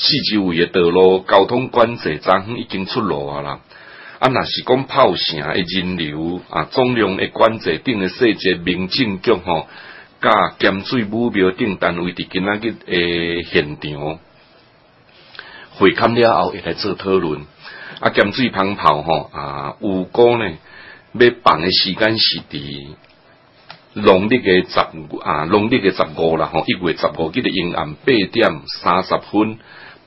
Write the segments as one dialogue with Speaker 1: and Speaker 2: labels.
Speaker 1: 四周圍嘅道路交通管制，昨昏已經出爐啊啦！啊，若是講炮聲嘅人流啊，總量嘅管制頂嘅細節，民政局吼，甲、啊、鹽水武廟頂單位佇今仔日嘅現場，會勘了後會來做討論。啊，鹽水蜂炮吼啊，有講呢，要放嘅時間是佇農曆嘅十啊，農曆嘅十五啦，吼、啊，一月十五日，記得陰暗八點三十分。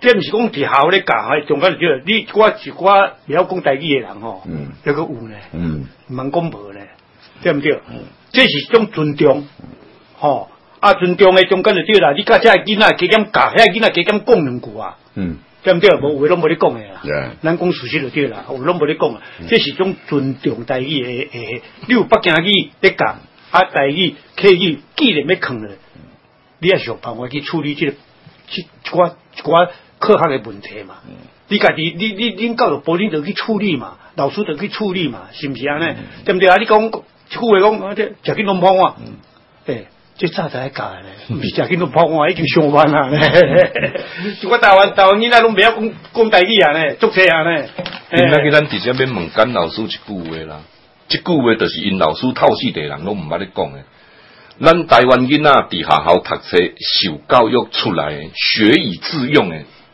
Speaker 2: 即毋是講佇校咧教迄，種，仲緊係啲，呢個是啩會曉講台語誒人哦，
Speaker 3: 著閣有咧，
Speaker 2: 毋通講無咧，對毋對嗯，這是一種尊重，吼、哦，啊尊重誒仲緊係對啦，你甲即個囝仔加減教迄個，囝仔加減講兩句啊，對毋對？無話攏無你講誒啦，咱、嗯、講事實著對啦，攏無你講啊，這是一種尊重台語誒誒，你有北京語咧教啊台語刻意記然要囥咧，你要想辦法去處理即、這個，即係即我。科學嘅問題嘛，嗯、你家己你你你教育部你得去處理嘛，老師得去處理嘛，是不是安尼？嗯、對不對啊？你、欸、講，一句話， 講， 欸、我即食去弄包誒，即早就喺家咧，唔是食去弄包我，已經上班啦咧。
Speaker 4: 就台灣台
Speaker 2: 灣囡仔攏不要講講大字啊咧，讀書啊咧。
Speaker 1: 因那個咱直接免問講老師一句話啦，一句話就是因老師透視第人攏唔捌咧講誒。咱台灣囡仔佇學校讀書，受教育出來，學以致用誒。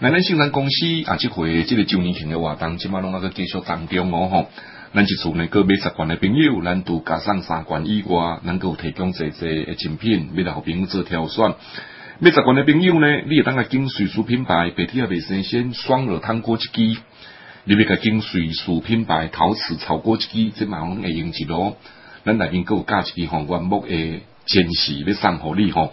Speaker 1: 來咱信咱公司啊，即回即個周年慶嘅活動，即嘛攏能夠繼續當中哦。吼。咱即厝內個買十罐嘅朋友，咱就加上三罐以外，能有提供儕儕嘅精品互朋友做挑選。買十罐嘅朋友呢，你會當甲金水廚品牌，白天也未新鮮，雙耳湯鍋一支，你要甲金水廚品牌陶瓷炒鍋一,一,一支，哦，即嘛攏會用幾多？咱內面佫有加一支吼，國木誒煎匙，要送互你吼。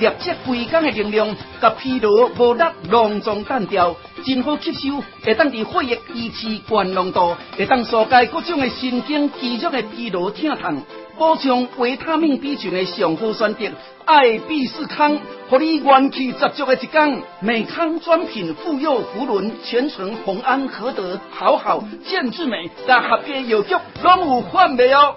Speaker 5: 熱切歸工的能量，甲疲勞、無得隆重、單調，真好吸收，會當佇血液維持高濃度，會當紓解各種嘅神經肌肉嘅疲勞疼痛，補充維他命 B 群嘅上好選擇。愛必適康，互你元氣十足嘅一天。美康專品婦幼護輪，全程紅安可得，好好健之美，但合邊藥局攏有貨未哦？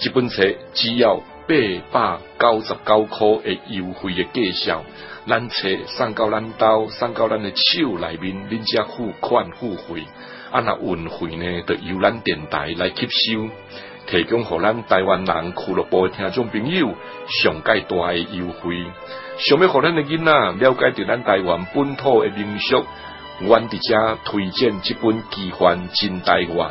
Speaker 1: 這本冊只要八百九十九元的優惠的價上，咱冊送到咱兜，送到咱的手內面，恁才付款付費，啊那運費呢，得由咱電台來吸收，提供給咱台灣人俱樂部聽眾朋友上蓋大嘅優惠，想要給咱嘅囡仔了解着咱台灣本土嘅民俗，阮佇遮推薦這本，本《奇幻真台灣》。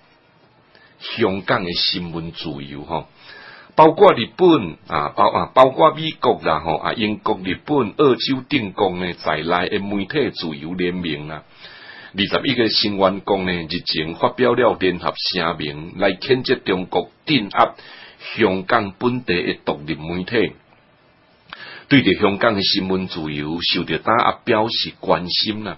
Speaker 1: 香港嘅新聞自由，哈，包括日本啊，包啊，包括美國啦，哈，啊，英國、日本、澳洲等國嘅在內嘅媒體自由聯盟啊，二十一個新員工呢，日前發表了聯合聲明，來譴責中國鎮壓香港本地嘅獨立媒體，對着香港嘅新聞自由受到打壓，表示關心啊。